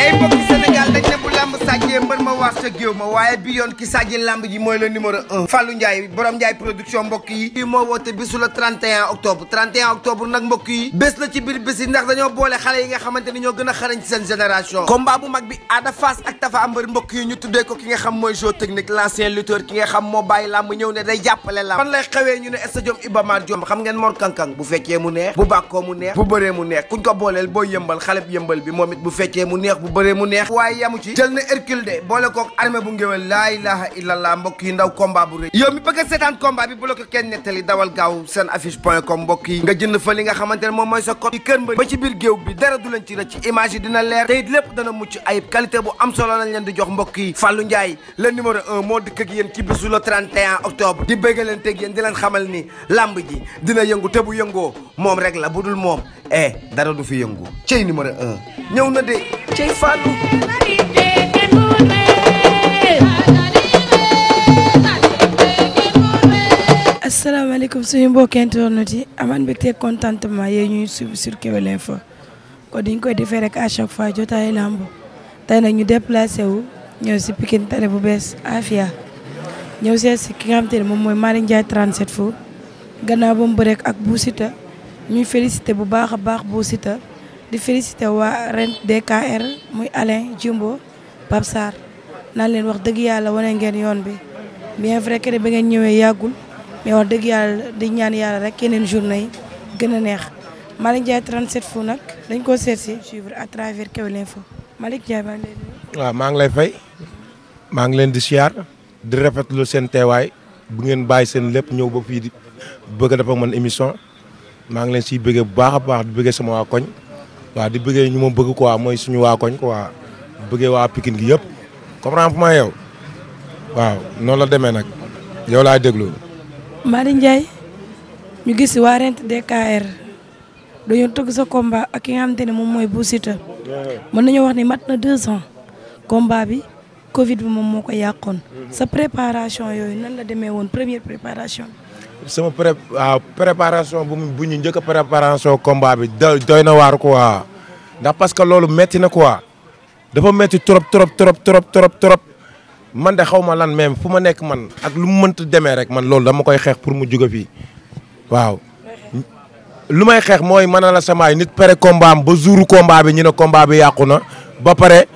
ay mbokk jee mbën ma waas ca géew ma waaye bi yoon ki sàjji lamb ji mooy le numéro un Fallou Ndiaye borom Ndiaye production mbokk yi kii moo woote bisu le 31 octobre 31 octobre nag mbokk yi bés la ci biir bés yi ndax dañoo boole xale yi nga xamante ni ñoo gën a xarañ ci seen génération combat bu mag bi Ada Fass ak Tafa Mbër mbokk yi ñu tuddee ko ki nga xam mooy jeu technique l'ancien lutteur ki nga xam moo bàyyi lamb ñëw ne day jàppale lamb fan lay xewee ñu ne ngéwél de boole kook armée bu ngéwél laa ilaha illallah mbokk yi ndaw combat bu rëy yow mi bëgg a seetaan bi bu la ko kenn nettali dawal gaaw seen affiche point com mbokk yi nga jënd fa li nga xamante ne moom mooy sa code yi kër mbër ba ci biir bi dara du ci rëcc image dina leer te it dana mucc ayib qualité bu am solo lañ di jox mbokk yi Fallou Ndiaye le numéro moo dëkk ak ci bisu le 31 octobre di bëgg leen teg xamal ni lamb ji dina moom la bu dul moom eh dara fi yëngu cey numéro un ñëw salaamaaleykum suñu mbokki internet yi amaan mbégte contentement yee ñuy suivre sur Kewel Info kon diñ koy defee rek à chaque fois jotaayu làmb tey nag ñu déplacé wu ñëw si Pikine tare bu bees Afia ñëw seet si ki nga xam te ne moom mooy Malick Ndiaye 37 fu gannaaw ba mu ak Bou Siteu ñuy félicité bu baax a baax Bou Siteu di félicité waa ren DKR muy Alain Jumbo Pape Sarr leen wax dëgg yàlla wane ngeen yoon bi bien vrai que ne ba ngeen ñëwee yàggul mais wax dëgg yàlla di ñaan yàlla rek yeneen journée yi gën a neex Malick Ndiaye 37 fu nag dañ koo seet si suivre à travers Kewel Info Malick Ndiaye maa ngi lay nuyu. waaw maa ngi lay fay maa ngi leen di siyaar di rafetlu seen teewaay bu ngeen bàyyi seen lépp ñëw ba fii di bëgg a def ak man émission maa ngi leen siy bëggee bu baax a baax di bëggee sama waa koñ waa di bëggee ñu ma bëgg quoi mooy suñu waa koñ ko waa bëggee waa Pikine gi yëpp comprendre fu ma yow waaw noonu la demee nag yow laay Mady Ndiaye ñu gis waa Rent DKR dañoo tëgg sa combat ak ki nga xamante ne moom mooy Bou Siteu mën nañoo wax ni mat na deux ans combat bi Covid bi moom moo ko yàqoon. Mm-hmm. sa préparation yooyu nan la demee woon première préparation. sama pré préparation bu bu ñu njëkk a préparation combat bi doy na waar quoi ndax parce que loolu metti na quoi dafa metti trop trop trop trop trop trop. man de xaw ma lan même fu ma nekk man ak lu mu mënta demee rek man loolu dama koy xeex pour mu jóge fii waaw. lu may xeex mooy mën la samaay nit pare combat ba jour kombaa bi ñu ne combat bi yàqu na ba pare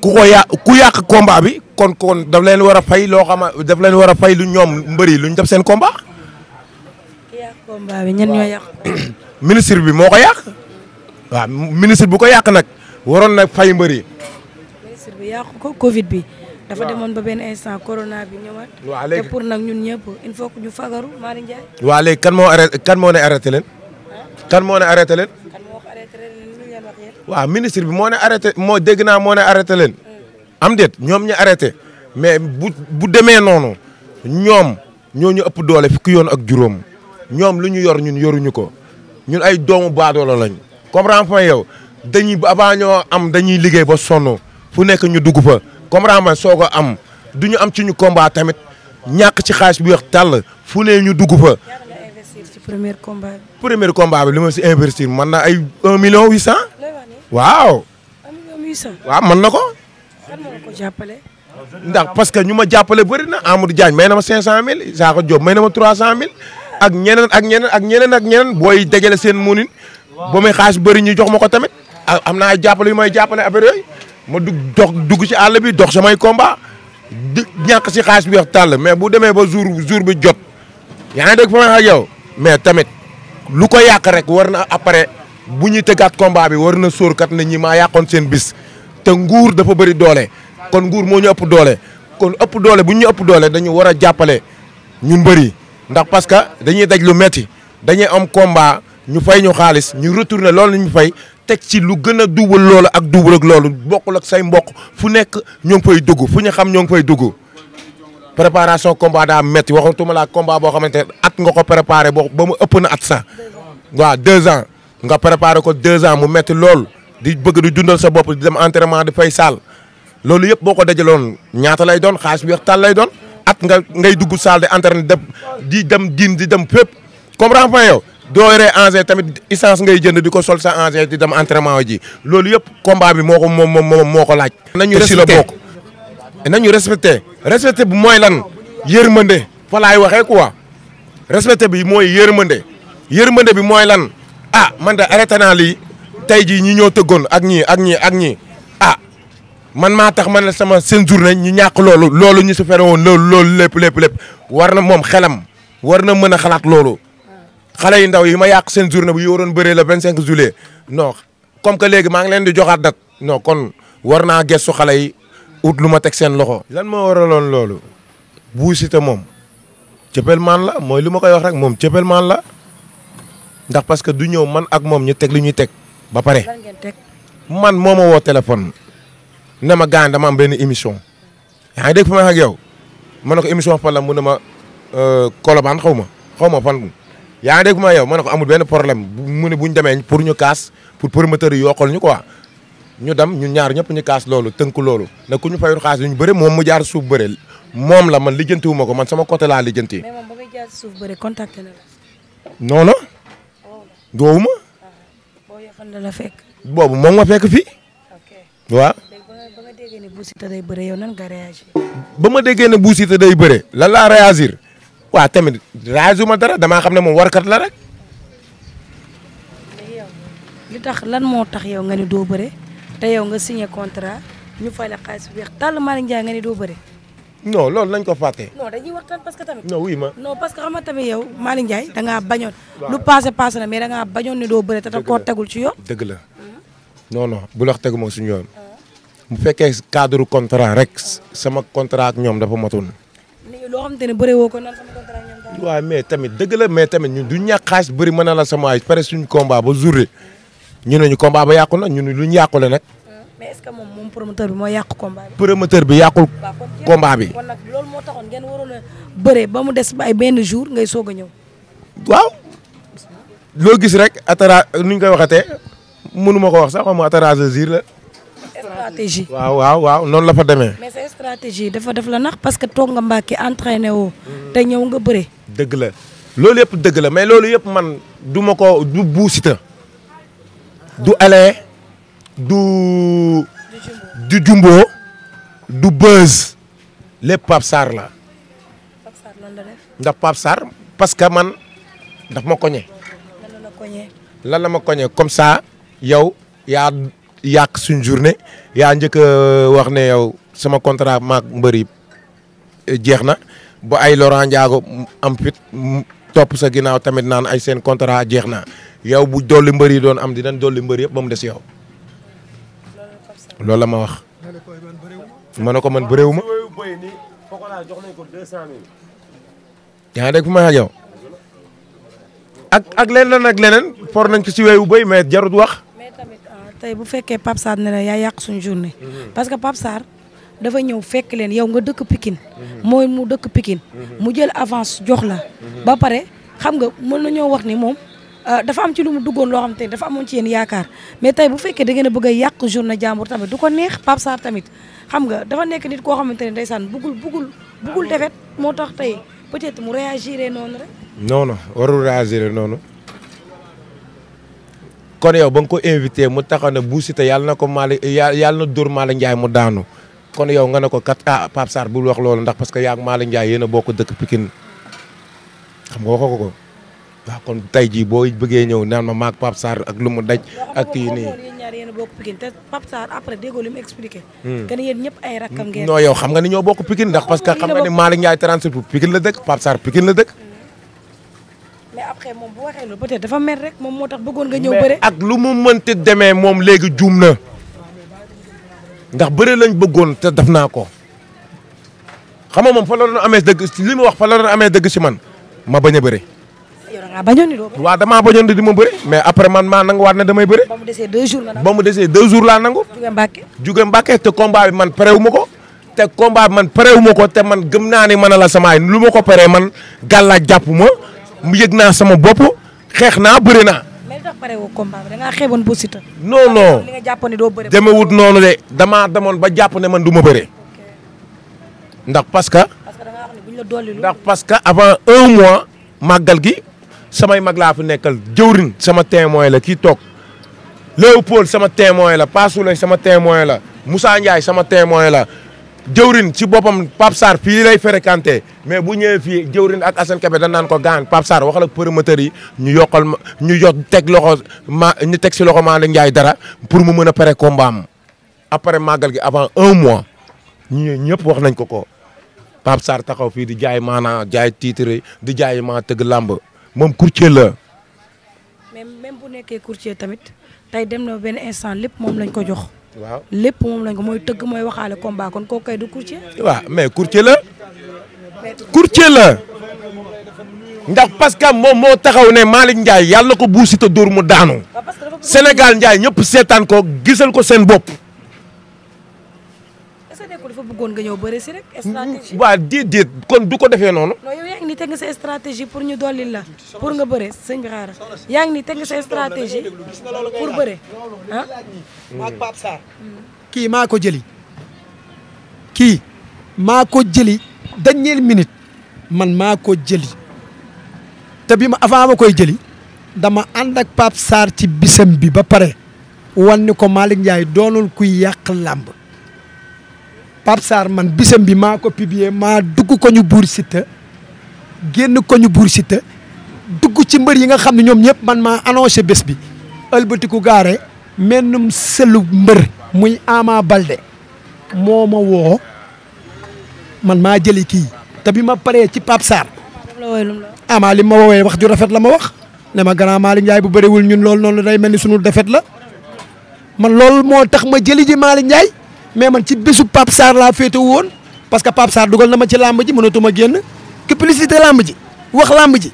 ku ko yàq ku yàq combat bi kon kon daf leen war a fay loo xama daf leen war a fay lu ñoom mbëri lu ñu def seen combat. ku bi ministre bi moo ko yàq. waaw ministre bu ko yàq nag waroon na fay mbëri bi yàqu ko Covid bi. dafa demoon ba benn instant corona bi ñëwaat. waaw pour nag ñun ñëpp il faut que ñu fagaru kan moo arrêté kan ne arrêté leen. kan moo ne arrêté leen. waaw ministre bi moo ne arrêté moo dégg naa moo ne arrêté leen. Hmm. am déet ñoom ñu arrêté mais bu bu demee noonu ñoom ñooñu ñu ëpp doole fukki yoon ak juróom ñoom lu ñu yor ñun yoruñu ko ñun ay doomu baadoolo lañ comprendre fa yow dañuy avant ñoo am dañuy liggéey ba sonn. fu nekk ñu dugg fa comprendre ma soo am duñu am ci ñu combat tamit ñàkk ci xaalis bu weex tàll fu ne ñu dugg fa. premier combat bi. premier bi li ma si investir man na ay 1 million 800. waaw. 1 million waaw mën na ko. kan moo ndax parce que ñu ma jàppale bëri na Amadou Diagne may na ma 500000 Sakho Diop may na ma 300000 ak ñeneen ak ñenen ak ñeneen ak ñeneen booy dajale seen munin ba may xaalis bëri ñu jox ma ko tamit am naa ay jàppale yu may jàppale affaire ma dug dox dugg si àll bi dox samay combat di ñàkk si xaalis bi wax tàll mais bu demee ba jour jour bi jot yaa ngi dégg fa may wax yow mais tamit lu ko yàq rek war na après bu ñuy tëggaat combat bi war na sóorkat na ñi maa yàqoon seen bis te nguur dafa bëri doole kon nguur moo ñu ëpp doole kon ëpp doole bu ñu ëpp doole dañu war a jàppale ñu mbëri ndax parce que dañuy daj lu metti dañuy am combat ñu fay ñu xaalis ñu retourné loolu la ñu fay teg ci lu gën a duubal loolu ak duubal ak loolu bokkul ak say mbokk fu nekk ñoo ngi fay dugg fu ñu xam ñoo ngi fay dugg préparation combat daa métti waxatuma laa combat boo xamante at nga ko préparé boo ba mu ëpp at sax waa deux ans nga préparé ko deux ans mu métti lool di bëgg di dundal sa bopp di dem entraînement di fay saal loolu yëpp boo ko dajaloon ñaata lay doon xaalis bi tal lay doon at nga ngay dugg saal di entraîné di dem diin di dem fépp comprends pas yow doo yoree tamit essence ngay jënd di ko sol sa engin di dem entraînement ji loolu yëpp combat bi moo ko moom moom moo ko laaj. nañu respecté la bokk nañu respecté. respecté bi mooy lan yërmande fa laay waxee quoi respecté bi mooy yërmande yërmande bi mooy lan ah man de arrêté naa lii tey jii ñi ñoo tëggoon ak ñii ak ñii ak ñii ah man maa tax man la sama seen journée ñu ñàkk loolu loolu ñu su fexe woon loolu loolu lépp lépp lépp war na moom xelam war na mën a xalaat loolu. xale yu ndaw yi ma yàq seen journée bu yoroon bëree la vingt cinq juillet noo comme que léegi maa ngi leen di joxaat dat non kon war naa gëstu xale yi ut lu ma teg seen loxo. lan moo waraloon loolu Bou Siteu moom cëppel maan la mooy li ma koy wax rek moom cëppel maan la ndax parce que du ñëw man ak moom ñu teg lu ñuy teg ba pare. man moo ma woo téléphone na ma gaan dama am benn émission yaa ngi dégg fi may wax ak yow ma ne ko émission fan la mu ne ma euh, Colobane xaw ma xaw ma fan. yaa ngi dégg ma yow ma ne ko amul benn problème mu ne bu ñu demee pour ñu kaas pour promoteur yi yokkal ñu quoi ñu dem ñu ñaar ñëpp ñu kaas loolu tënk loolu nag ku ñu fayul xaalis yu ñu bëre moom mu jaar suuf bëre moom la man lijjanti wu ma ko man sama côté laa lijjanti. mais moom ba muy jaar suuf la. non non. Oh. doowu ma. Ah. boo boobu moom ma fekk fii. ok waaw. ba nga déggee ba ma déggee ne Bou Siteu day bëre lan laa réagir. waaw tamit raasuma dara damaa xam ne moom warkat la rek. li tax lan moo tax yow nga ni doo bëre te yow nga siñe contrat ñu fay la xaalis bu weex tàll Malick Ndiaye nga doo bëre. non loolu nañ ko fàtte. non dañuy parce que tamit. non oui ma non parce que xam a tamit yow Malick Ndiaye da ngaa bañoon. lu passé passé na mais da ngaa bañoon ne doo bëre te da koo tegul ci yoon. dëgg la mm-hmm. non non bu la wax tegu moom suñu yoon. bu ah. fekkee cadre contrat rek sama contrat ak ñoom dafa matoon. loo xamante ne bëree woo ko nan sama mais tamit dëgg la mais tamit ñun du ñàkk xaalis bëri na la sama ay pare suñu combat ba ñu ne ñu ba yàqu na ñu ne luñ yàqule nag. Euh, mais que moom moom promoteur bi moo yàq combat bi. promoteur bi bi. kon nag loolu ba mu des ba ay benn jour ngay soog a ñëw. waaw loo rek atara nu koy waxatee mënu ma ko wax sax xam nga la. stratégie waaw waaw noonu la fa demee. stratégie dafa def la nax parce que toog nga Mbàkke entraîné woo. te ñëw nga bëre. dëgg la loolu yëpp dëgg la mais loolu yëpp man du ma ko du buusita du ale du. du jumbo du buzz lépp Pape Sarr la. Pape Sarr lan la parce que man daf ma koñe. lan la ma koñe comme sa yow yaa yàq suñ journée yaa njëkk wax ne yow sama contrat maag mbër yi eh, jeex na ba ay Laurent Ndiago am fit top sa ginnaaw tamit naan ay seen contrat jeex na yow bu dolli mbër yi doon am dinañ dolli mbër yëpp ba mu des yow. loolu la ma wax. ma ne ko man bëreewu ma. yaa ngi fu ma yow ak ak leneen ak leneen for nañ ko si weewu béy mais jarut wax. Ah, tey bu fekkee Pape Sarr ne la yaa yàq suñu journée. Mm-hmm. parce que Pape dafa ñëw fekk leen yow nga dëkk Pikine mooy mu dëkk Pikine mu jël avance jox la ba pare xam nga mën ñëw wax ni moom euh, dafa am ci lu mu duggoon loo xam te dafa amoon ci yéen yaakaar mais tey bu fekkee da a bëgg a yàq journée jàmbur tamit du ko neex Pape Sarr tamit xam nga dafa nekk nit koo xamante ne ndeysaan bugul buggul bugul ah, defet moo tax tey peut-être mu réagiré noonu rek. non non warul réagiré noonu kon yow ba nga ko invité mu taxaw ne bu Siteu yàlla na ko Malick yàlla na dóor Malick Ndiaye mu daanu. kon yow nga ne ko kat ah Pape bul wax loolu ndax parce que yaa ak Malick a bokk dëkk Pikine xam nga waxoo ko ko kon tey jii boo bëggee ñëw naan ma maag Pape ak lu mu daj. ak kii nii yéen a bokk Pikine te Pape Sarr après déggoo li mu expliqué. Hmm. que ni yéen ñëpp ay que xam nga ni Malick Ndiaye 37 Pikine la dëkk Pape Sarr Pikine tax bëggoon nga ñëw bëre. ak lu mu mënti demee moom léegi juum na. ndax bëre lañ bëggoon te def naa ko xam nga moom fa la amee dëgg li mu wax fa la doon amee dëgg si man ma bañ a bëre. yow da ngaa bañoon doo waaw damaa bañoon ni di ma bëre mais après man maa nanguwaat ne damay bëre. ba mu desee deux jours la nangu. ba mu desee deux jours laa nangu. Juge Mbacke. te combat bi man parewu ma ko. te combat man parewu ma ko te man gëm naa ni man la samaay lu ma ko paree man gàllaaj jàpp ma mu yëg naa sama bopp xeex naa bëre naa. pare woo combat bi da ngaa bu Siteu. non non li nga jàpp ne doo bëre. demewut noonu de damaa demoon ba jàpp ne man du ma bëre. ndax parce que. parce parce que avant un mois. màggal gi samay mag laa fi nekkal jëwriñ sama témoin la kii toog Léopold sama témoin la Pasoulay sama témoin la Moussa Ndiaye sama témoin la. jëwrin ci boppam Pape Sarr fii lay fréquenté mais bu ñëwee fii jëwrin ak Assane Kébé dañ naan ko gaan Pape Sarr waxal ak promoteurs yi ñu yokkal ñu yot teg loxo ma ñu teg si loxo Malick Ndiaye dara pour mu mën a pare combat am après màggal gi avant un mois ñu ñëpp wax nañ ko ko Pape taxaw fii di jaay maanaa jaay titre di jaay ma tëgg làmb moom courtier la. mais même bu nekkee courtier tamit tey dem na benn instant lépp moom lañ ko jox. waaw lépp moom lañ ko mooy tëgg mooy waxaale combat kon kooku kay du courtier. waaw mais courtier la. courtier la. ndax parce que moom moo taxaw ne Malick Ndiaye yàlla na ko buusi te dóor mu daanu. Sénégal Ndiaye ñëpp seetaan ko gisal ko seen bopp. bëggoon nga ñëw bëri si rek. stratégie waaw déedéet kon du ko defee noonu. non yow yaa ngi ni teg nga sa stratégie pour ñu dolli la pour nga bëre sëñ bi xaaral yaa ngi ni teg nga sa stratégie pour bëre ah? hmm. kii maa ko jëli kii maa ko jëli dernière minute man maa ko jëli te bi ma avant ma koy jëli dama ànd ak Pape Sarr ci bi ba pare wan ko Malick Ndiaye doonul kuy yàq làmb Pape Sarr man bisam bi maa ko publier maa dugg ko ñu buur Siteu génn ko ñu buur Siteu dugg ci mbër yi nga xam ne ñoom ñëpp man maa annoncé bés bi ëlbatiku gaare mennum selu mbër muy Ama Balde moo ma woo man maa jëli kii te bi ma paree ci Pape Sarr Ama li ma woowee wax ju rafet la ma wax ne ma grand Malick Ndiaye bu bëriwul ñun loolu noonu day mel ni sunu defet la man loolu moo tax ma jëli ji Malick Ndiaye mais man ci bésu Pape Sarr laa féete woon parce que Pape Sarr dugal na ma ci làmb ji mënatuma génn publicité làmb ji wax làmb ji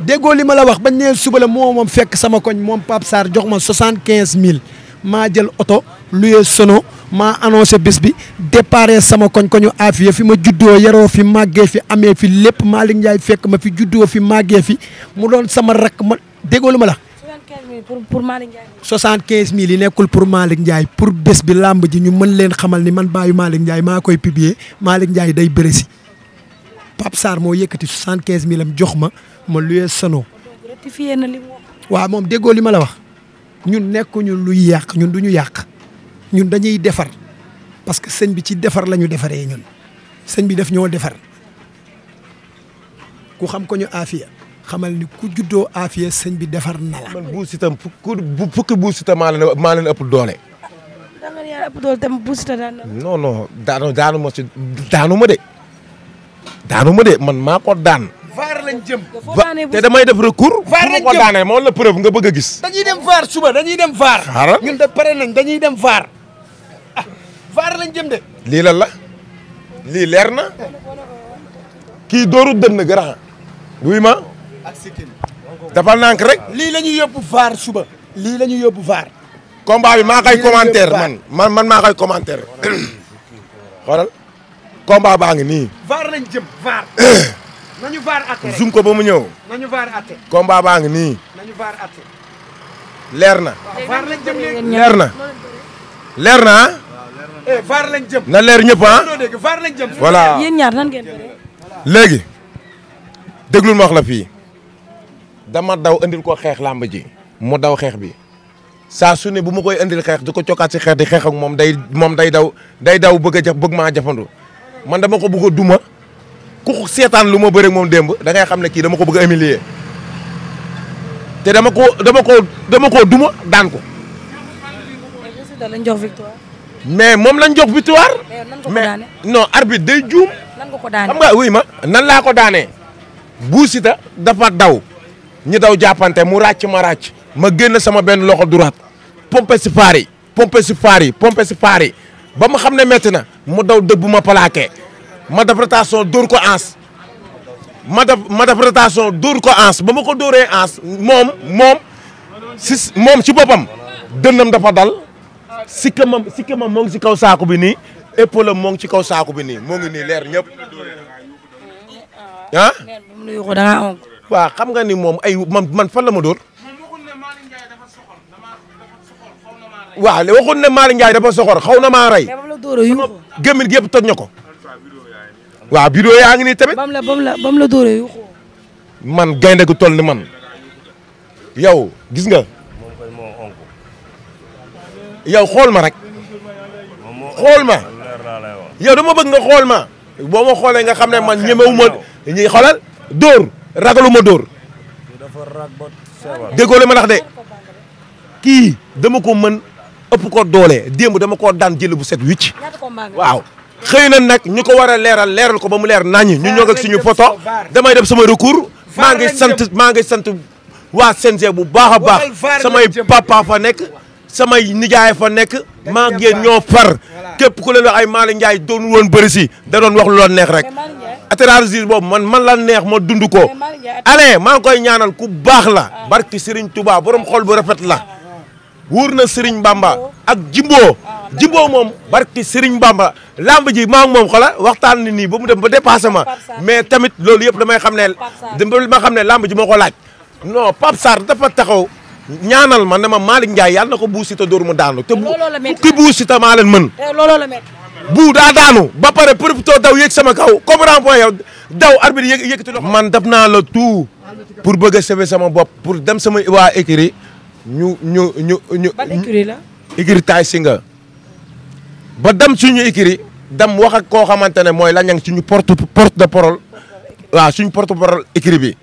déggoo li ma la wax bañ nee suba la moo moom fekk sama koñ moom Pape Sarr jox ma soixante quinze mille maa jël oto luyee sono maa annoncé bis bi déparé sama koñ koñu aafiya fi ma juddoo yaroo fi màggee fi amee fi lépp Malick Ndiaye fekk ma fi juddoo fi màggee fi mu doon sama rakk ma déggoo li ma la bi pour pour Malick Ndiaye. 75000 yi nekkul pour Malick njaay pour bés bi làmb ji ñu mën leen xamal ni man baayu Malick Ndiaye maa koy publier Malick Ndiaye day bëre si Pape Sarr moo yëkkati 75000 am jox ma ma luyee Sano. rectifié na li waaw moom déggoo li ma la wax ñun nekkuñu luy yàq ñun du ñu yàq ñun dañuy defar parce que sëñ bi ci defar la ñu defaree ñun sëñ bi def ñoo defar ku xam ko ñu aafiya xamal ni ku juddoo aafiya sëñ bi defar na la. man Bou Siteu bu fukki Bou Siteu maa leen maa leen ëpp doole. da nga yaa ëpp doole tam Bou Siteu daan na. non non daanu daanu ma si daanu ma de daanu ma de man maa ko daan. vaar lañ jëm. te damay def recours. vaar lañ jëm ko daanee moom la preuve nga bëgg a gis. dañuy dem vaar suba dañuy dem vaar. xaaral ñun de pare nañ dañuy dem vaar ah vaar lañ jëm de. lii lan la lii leer na kii dooru dënn grand. wuy ma. ak sikkim dafa nànk rek. lii la ñuy yóbbu vaar suba. lii la ñuy yóbbu vaar. combat bi maa koy commentaire man man man maa koy commentaire xoolal combat baa ngi nii. vaar lañ jëm vaar. nañu vaar atte zoom ko ba mu ñëw. nañu vaar atte. combat baa ngi nii. nañu vaar atte. leer na. vaar lañ jëm léegi leer na. leer na ah. Eh, vaar lañ jëm. na leer ñëpp ah. vaar lañ jëm. voilà yéen ñaar nan ngeen léegi déglul ma wax la fii. dama daw andil ko xeex làmb ji mu daw xeex bi saa su ne bu ma koy andil xeex di ko cokkaat si xeex di xeex ak moom day moom day daw day daw bëgg a jaf bëgg maa jafandu man dama ko bëgg a duma ku seetaan lu ma bëre moom démb da ngay xam ne kii dama ko bëgg a humilier te dama ko dama ko dama ko duma daan ko. lañ mais moom lañ jox victoire. mais non arbitre day juum. ko daanee xam nga wuy ma nan laa ko daanee. Bou Siteu dafa daw. ñi daw jàppante mu ràcc ma ràcc ma génn sama benn loxo duraat pompe si faar yi pompe si yi pompe si ba ma xam ne métti na mu daw dëbb ma plaqué ma def rotation dóor ko ans ma def ma def ko ans ba ma ko dooree ans moom moom si moom ci boppam dënnam dafa dal sikkamam sikkamam moo ngi si kaw saaku bi nii épaule am moo ngi ci kaw saaku bi nii moo ngi ni leer ñëpp ah. waaw xam nga ni moom ay man man fan la ma dóor. waaw li waxoon ne Malick Ndiaye dafa xaw na maa rey. gémmin gi yëpp toj na ko. waaw vidéo yaa ngi nii tamit. bam la bam la bam gaynde gu toll ni man. yow gis nga. yow xool ma rek. xool ma. yow dama bëgg nga xool ma. boo ma xoolee nga xam ne man ñemewu ma ñi xoolal dóor. ragaluma dóor déggoo li ma tax de kii dama ko mën ëpp ko doole démb dama koo daan jël bu set wicc waaw xëy na nag ñu ko war a leeral leeral ko ba mu leer naa ñi ñu ñoo ak suñu photo damay def sama recours maa ngi sant maa ngi sant waa CNG bu baax a baax samay papa fa nekk samay nijaay fa nekk maa ngeen ñoo far képp ku leen ay Malick Ndiaye doon woon bëri si da doon wax lu doon neex rek atterrage boobu man man la neex ma dund ko ale maa ngi koy ñaanal ku baax la barki Serigne Touba borom xol bu rafet la wóor na Serigne Bamba ak Jimbo Jimbo moom barki Serigne Bamba lamb ji maa ngi waxtaan ni nii ba mu dem ba dépassé ma mais tamit loolu yëpp damay xam ne damay ma xam ne lamb ji moo ko laaj non Pape Sarr dafa taxaw ñaanal ma ne ma Malick Ndiaye yàlla na ko buusita dóor mu daanu te bu ki buusita maa leen mën eh, bu daa daanu ba pare profité daw yéeg sama kaw comprendre point yow daw arbitre yë yëkkati man def naa la tout pour bëgg a sauver sama bopp pour dem sama waa écurie ñu ñu ñu ñu. la. écurie taay si nga ba dem suñu écurie dem wax ak koo xamante ne mooy la ñang suñu porte porte de parole waaw suñu porte parole écurie bi.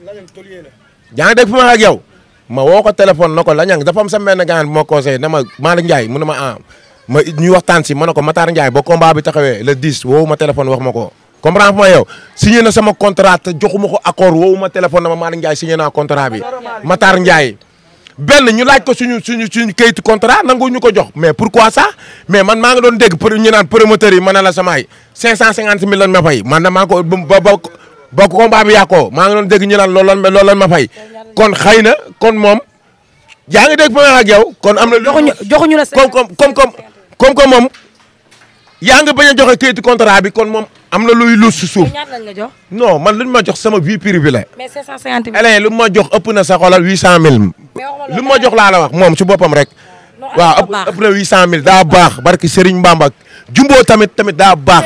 yaa ngi dégg fi ma yow ma woo ko téléphone na ko la ñang dafa am sa benn gaan moo conseillé na ma Malick Ndiaye mu ne ma ah. ma ñuy waxtaan si ma ne ko Matar Ndiaye ba combat bi taxawee le 10 woowu ma téléphone wax ma ko comprendre ma yow signé na sama contrat te ma ko accord woowu ma téléphone na ma Malick Ndiaye signé naa contrat bi Matar Ndiaye benn ñu laaj ko suñu suñu suñu contrat nangu ñu ko jox mais pourquoi ça mais maa ngi doon dégg pour ñu naan promoteurs yi ma ne la samaay 550 000 lan ma fay man na maa ko ñu ma fay kon xëy kon moom yaa ngi dégg fa ak yow kon am na. joxuñu joxuñu la comme comme comme. comme que moom yaa nga bañ a joxe kayitu contrat bi kon moom am na luy lu si suuf. ñaata lañ man lu ma jox sama vie privée la. mais 750 000 lu ma jox ëpp na sa xolal 800000. lu ma jox laa la wax moom si boppam rek. waaw ëpp ëpp na 800000 daa baax barki Serigne Mbamba Jumbo tamit tamit daa baax.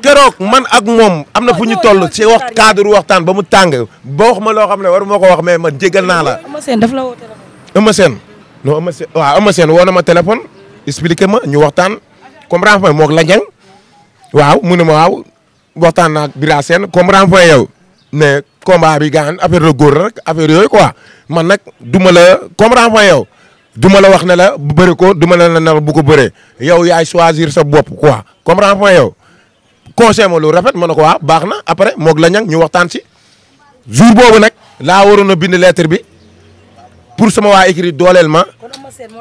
keroog man ak moom am na fu ñu toll ci wax cadre waxtaan ba mu tàng ba wax ma loo xam ne war moo ko wax mais man jégal naa la. Eumeu sen daf la woo téléphone. Eumeu Sène non Eumeu Sène waaw Eumeu Sène ma téléphone. expliqué ma ñu waxtaan comme renfort moog la njang waaw mu ne ma waaw waxtaan naa ak Bira Sène comme renfort yow ne combat bi gaan affaire la góor rek affaire yooyu quoi man nag du ma la comme renfort yow duma la wax ne la bu bëri ko duma ma la ne la bu ko bëree yow yaay choisir sa bopp quoi comme renfort yow conseil ma lu rafet ma na ko waaw baax na après moog la njang ñu waxtaan si jour boobu nag laa waroon a bind lettre bi pour sama waa écrit dooleel ma.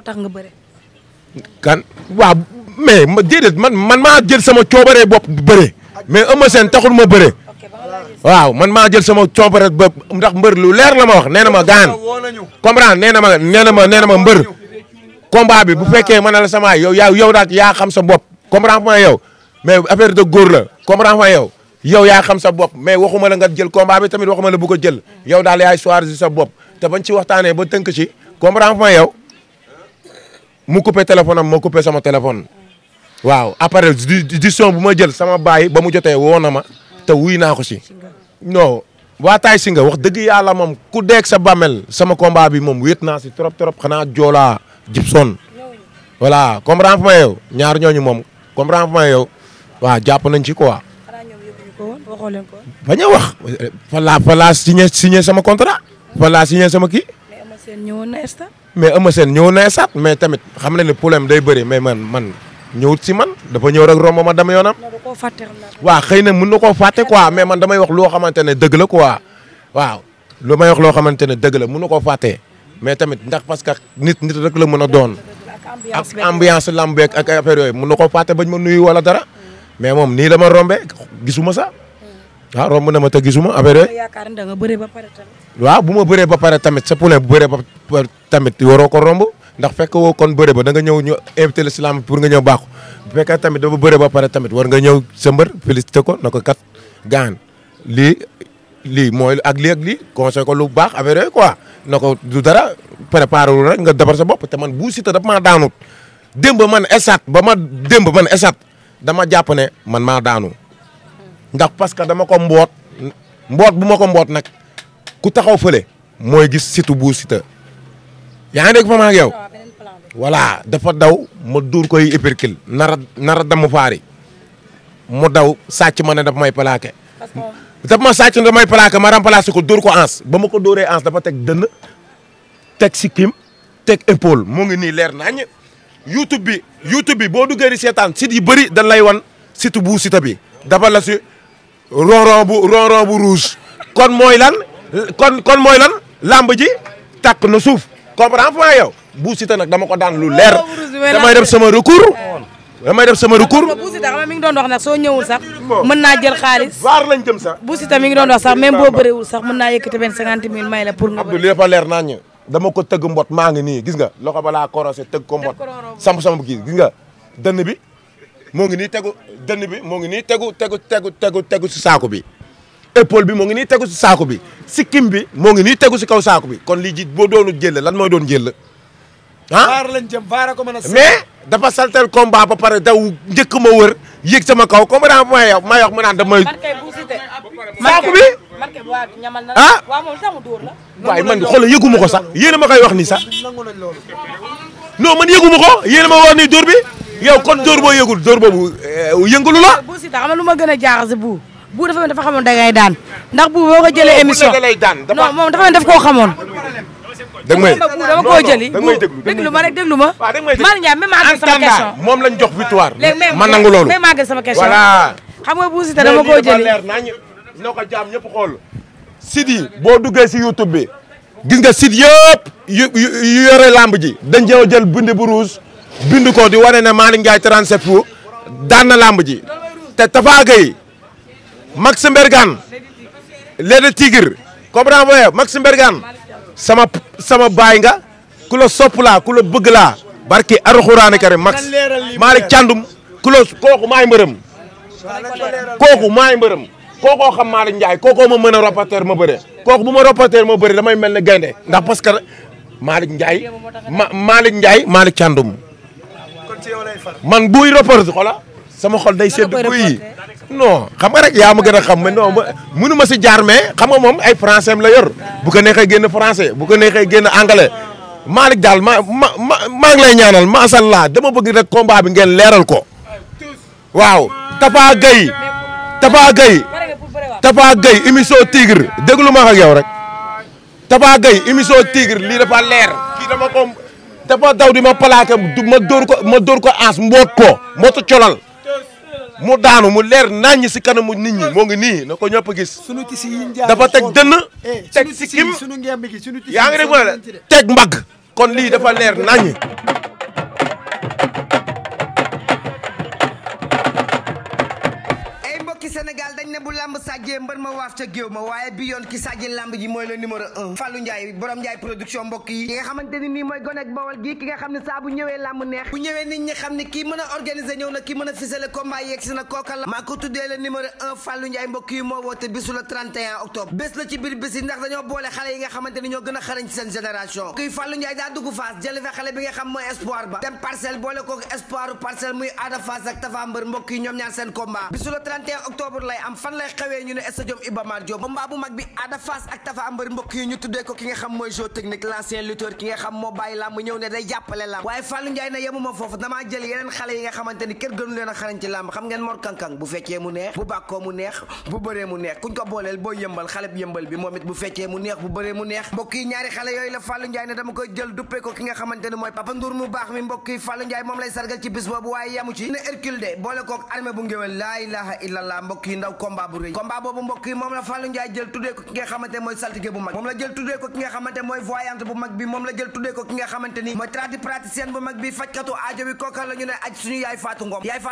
tax nga bëre. kan waaw mais ma déedéet man man maa jël sama coobaree bopp bëree mais Eumeu Sène taxul ma bëree waaw man maa jël sama coobaree bopp ndax mbër lu leer la ma wax nee na ma gaan comprendre nee na ma nee na ma nee na ma mbër combat bi bu fekkee mën na la sama yow yaa yow daal yaa xam sa bopp comprendre ma yow mais affaire de góor la comprendre ma yow yow yaa xam sa bopp mais ma la nga jël combat bi tamit ma la bu ko jël yow daal yaay choisir sa bopp te bañ ci waxtaanee ba tënk ci comprendre ma yow mu coupé téléphone am ma coupé sama téléphone waaw appareil di son bu ma jël sama baay ba mu jote woo na te wuy naa ko si no waa taay si nga wax dëgg yàlla moom ku deeg sa bàmmel sama combat bi moom wéet naa si trop trop xanaa joolaa Jibson voilà comprendre fu ma yow ñaar ñooñu moom comprendre fu ma yow waaw jàpp nañ ci quoi. bañ a wax fa laa fa laa signé sama contrat fa laa signé sama kii. mais am mais Eumeu Sène ñëw na saat mais tamit xam na ne problème day bëri mais man man ñëwut si man dafa ñëw rek romb ma dama yoonam. waa xëy na mën na koo fàtte quoi mais man damay wax loo xamante ne dëgg la quoi waaw lu ma wax loo xamante ne dëgg la mun na koo fàtte mais tamit ndax parce que nit nit rek la mën a doon. ak ambiance lambeek a affaire yooyu mën na koo fàtte bañ ma nuyu wala dara mais moom nii la ma rombee gisuma sax. waaw ah, romb na ma te gisuma affaire yi. yaakaar da nga bëree ba pare tamit. waaw bu ma bëree ba pare tamit sa poulain bu bëree ba tamit waroo ko romb ndax fekk woo kon bëre ba da nga ñëw ñu invité le pour nga ñëw baaxu bu tamit dafa bëre ba pare tamit war nga ñëw sa mbër félicité ko na ko kat gaan lii lii mooy ak lii ak lii conseil ko lu baax affaire yooyu quoi na ko du dara préparé wu rek nga defar sa bopp te man te Siteu daf maa daanut démb man esat ba ma démb man esat dama jàpp ne man maa daanu. ndax parce que dama ko mboot mboot bu ma ko mboot nag ku taxaw fale mooy gis Siteu bu Siteu yaa ngi dégg fa ma ak yow ah, dafa daw ma duur koy hypercule nara dam damu faari mu daw sàcc ma ne daf may plaqué daf ma sàcc ne daf may plaqué ma remplacé ko dóor ko ans ba ma ko dóoree ans dafa teg dënn teg sikkim teg épaule mu ngi nii leer nañ youtube bi youtube bi boo duggee di seetaan sit yu bëri dan lay wan Siteu bu Siteu bi dafa ronron bu ronron bu rouge. kon mooy lan kon kon mooy lan làmb ji takk na suuf comprends pas yow Bou Siteu nag dama ko daan lu leer damay def sama recours. damay def sama recours Bou Siteu xam mi ngi doon wax soo ñëwul sax mën naa jël xaalis waar lañ jëm sax Bou Siteu mi ngi doon wax sax même boo bëreewul sax mën naa yëkkati benn cinquante mille may la pour nga Abdou li dafa leer naa ñu dama ko tëgg mbot maa ngi nii gis nga loxo balaa korosé tëgg ko mbot samp samp gis gis nga dënn bi moo ngi nii tegu dënn bi moo ngi nii tegu tegu tegu tegu tegu si saako bi épaule bi moo ngi nii tegu si saako bi sikkim bi moo ngi nii tegu si kaw saako bi kon lii ji boo doonu jël lan mooy doon jël ah vaar lañ jëm vaar ko mën a mais dafa saltel combat ba pare daw njëkk ma wër yéeg sama kaw comme daa ma yow ma yox mu naan damay saako bi ah waaye man xoolal yëgu ma ko sax yéen ma koy wax nii sax non man yëgu ma ko yéen ma wax nii dóor bi yow kon dóor boo yëgul dóor boobu euh, yëngalu la. bu si tax lu ma gën a jaaxal si bu bu dafa mel dafa xamoon da ngay daan ndax bu boo ko jëlee émission non moom dafa mel daf koo xamoon. dëgg may dama koo jëli déglu ma rek déglu ma. Malick Ndiaye même maa sama question moom lañ jox victoire. ma nangu loolu léegi maa gën sama question. voilà xam nga Bou Siteu dama koo jëli noo ko jaam ñëpp xool. site yi boo duggee si YouTube bi gis nga site yëpp yu yore lamb ji dañ jëw jël bind bu rouge bind ko di wane ne Malick Ndiaye 37 pour daan na làmb ji te Tafa Gueye Max Mbergane Lédé Tigre comprends nga Max Mbergane sama sama baay nga ku la sopp laa ku la bëgg laa barki Alxuraani Karim Max Malick Thiandoum ku la kooku maay mbërëm kooku maay mbërëm kookoo xam Malick Ndiaye kookoo ma mën a reporter ma bëre kooku bu ma reporter ma bëre damay mel ne gaynde ndax parce que Malick Ndiaye ma Malick Ndiaye Malick Thiandoum man buy reporté xola sama xol day sedd buy non xam nga rek yaa ma gën a xam mais no mënu ma si jaar mais xam nga moom ay français la yor bu ko neexee génn france bu ko neexee génn anglais Malick daal ma ma maa ngi lay ñaanal macha allah dama bëgg rek combat bi ngeen leeral ko waaw Tapha Gueye Tapha Gueye Tapha Gueye émission Tigre déglu ma ak yow rek Tapha Gueye émission Tigre lii dafa leer kii dama ko dafa daw di ma plaqué ma dóor ko ma dóor ko ans mboot ko mbootu colal mu daanu mu leer naññ si kanamu nit ñi moo nii na ko ñëpp gis. sunu tisi dafa teg dënn. Eh, teg sikkim sunu gi sunu yaa ngi dégg teg mbagg. kon lii dafa leer naññ. ay mbokki Sénégal dañ ne bu lamb sàjjee mbër ma waaf ca géew waaye bi yoon ki sàjji lamb ji mooy le numéro un Fallou Ndiaye borom Ndiaye production mbokk yi nga xamante mooy a organiser gën a xarañ seen génération kii Fallou daa dugg Fass jël fa xale bi nga xam mooy espoir ba dem parcelle boole kooku espoir parcelle muy Ada Fass ak Tafa Mbër mbokk ñoom ñaar seen combat bisu le 31 octobre lay am fan lay xewee ñu ne stadium Iba Mar Diop combat bu mag bi Ada Fass ak Tapha Mbeur mbokk yi ñu tuddee ko ki nga xam mooy jeu technique l'ancien lutteur ki nga xam moo bàyyi làmb ñëw ne day jàppale làmb waaye Fallou Ndiaye na yemuma foofu damaa jël yeneen nga xamante ni kër gënu leen a xarañ ci làmb xam ngeen Mor Kankang bu feccee mu neex bu bàkkoo mu neex bu bëree mu neex kuñ ko bi moom it bu feccee mu neex bu bëree mu neex mbokk yi ñaari xale yooyu la Fallou Ndiaye ne jël duppee ko ki nga xamante ni mooy Papa Ndour mu baax mi mbokk yi Fallou Ndiaye moom lay sargal ci bis boobu waaye yamu ci ne Hercule de boole kook armée bu ngéwél laa ilaha illallah mbokk yi ndaw combat bu rëy combat boobu mbokk moom la Fallou Ndiaye jël tuddee ko ki nga xamante mooy saltige bu mag moom la jël tuddee ko ki nga xamante mooy voyante bu mag bi moom la jël tuddee ko ki nga xamante ni mooy tradipraticien bu mag bi fajkatu aajo bi kookal la ñu ne aj suñu yaay faatu ngoom